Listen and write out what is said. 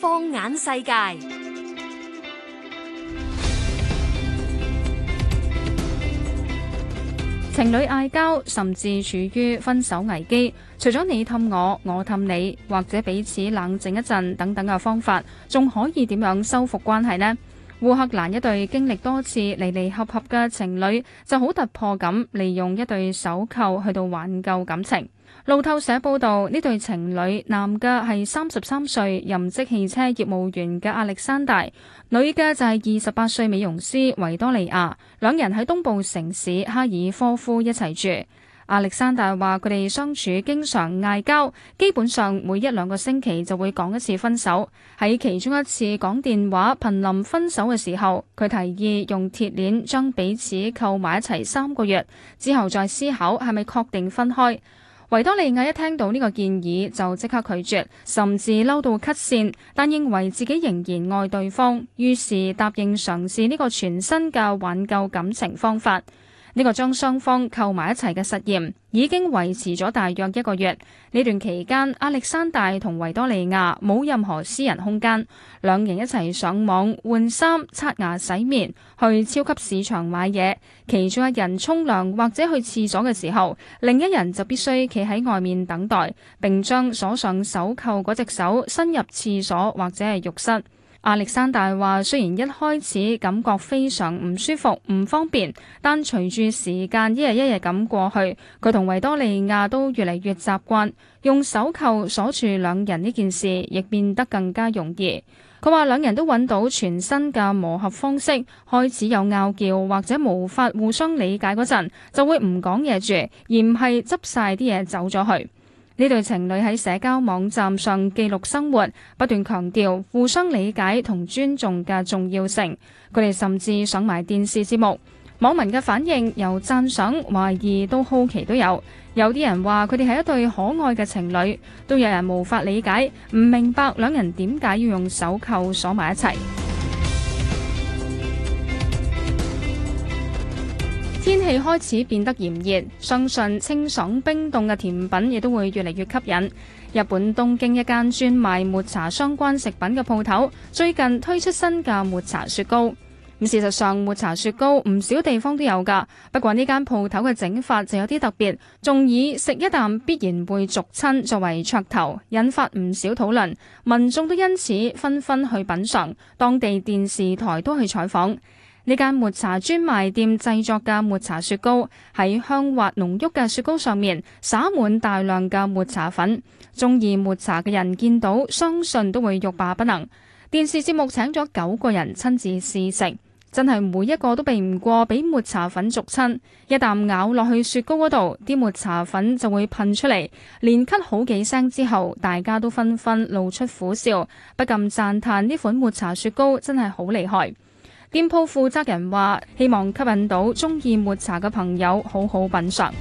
放眼世界，情侶嗌交，甚至處於分手危機，除咗你氹我，我氹你，或者彼此冷靜一陣等等嘅方法，仲可以點樣修復關係呢？烏克蘭一對經歷多次離離合合嘅情侶就好突破咁，利用一對手扣去到挽救感情。路透社報道，呢對情侶男嘅係三十三歲任職汽車業務員嘅亞歷山大，女嘅就係二十八歲美容師維多利亞，兩人喺東部城市哈爾科夫一齊住。亞歷山大話：佢哋相處經常嗌交，基本上每一兩個星期就會講一次分手。喺其中一次講電話瀕臨分手嘅時候，佢提議用鐵鏈將彼此扣埋一齊三個月，之後再思考係咪確定分開。維多利亞一聽到呢個建議就即刻拒絕，甚至嬲到 cut 線，但認為自己仍然愛對方，於是答應嘗試呢個全新嘅挽救感情方法。呢個將雙方扣埋一齊嘅實驗已經維持咗大約一個月。呢段期間，亞歷山大同維多利亞冇任何私人空間，兩人一齊上網、換衫、刷牙、洗面，去超級市場買嘢。其中一人沖涼或者去廁所嘅時候，另一人就必須企喺外面等待，並將鎖上手扣嗰隻手伸入廁所或者係浴室。亞歷山大話：雖然一開始感覺非常唔舒服、唔方便，但隨住時間一日一日咁過去，佢同維多利亞都越嚟越習慣用手扣鎖住兩人呢件事，亦變得更加容易。佢話兩人都揾到全新嘅磨合方式，開始有拗撬或者無法互相理解嗰陣，就會唔講嘢住，而唔係執晒啲嘢走咗去。呢對情侶喺社交網站上記錄生活，不斷強調互相理解同尊重嘅重要性。佢哋甚至上埋電視節目，網民嘅反應由讚賞、懷疑到好奇都有。有啲人話佢哋係一對可愛嘅情侶，都有人無法理解，唔明白兩人點解要用手扣鎖埋一齊。天氣開始變得炎熱，相信清爽冰凍嘅甜品亦都會越嚟越吸引。日本東京一間專賣抹茶相關食品嘅鋪頭，最近推出新嘅抹茶雪糕。咁事實上，抹茶雪糕唔少地方都有㗎，不過呢間鋪頭嘅整法就有啲特別，仲以食一啖必然會濁親作為噱頭，引發唔少討論。民眾都因此紛紛去品嘗，當地電視台都去採訪。呢間抹茶專賣店製作嘅抹茶雪糕，喺香滑濃郁嘅雪糕上面灑滿大量嘅抹茶粉，鍾意抹茶嘅人見到相信都會欲罷不能。電視節目請咗九個人親自試食，真係每一個都避唔過俾抹茶粉燭親，一啖咬落去雪糕嗰度，啲抹茶粉就會噴出嚟，連咳好幾聲之後，大家都紛紛露出苦笑，不禁讚歎呢款抹茶雪糕真係好厲害。店鋪負責人話：希望吸引到鍾意抹茶嘅朋友，好好品嚐。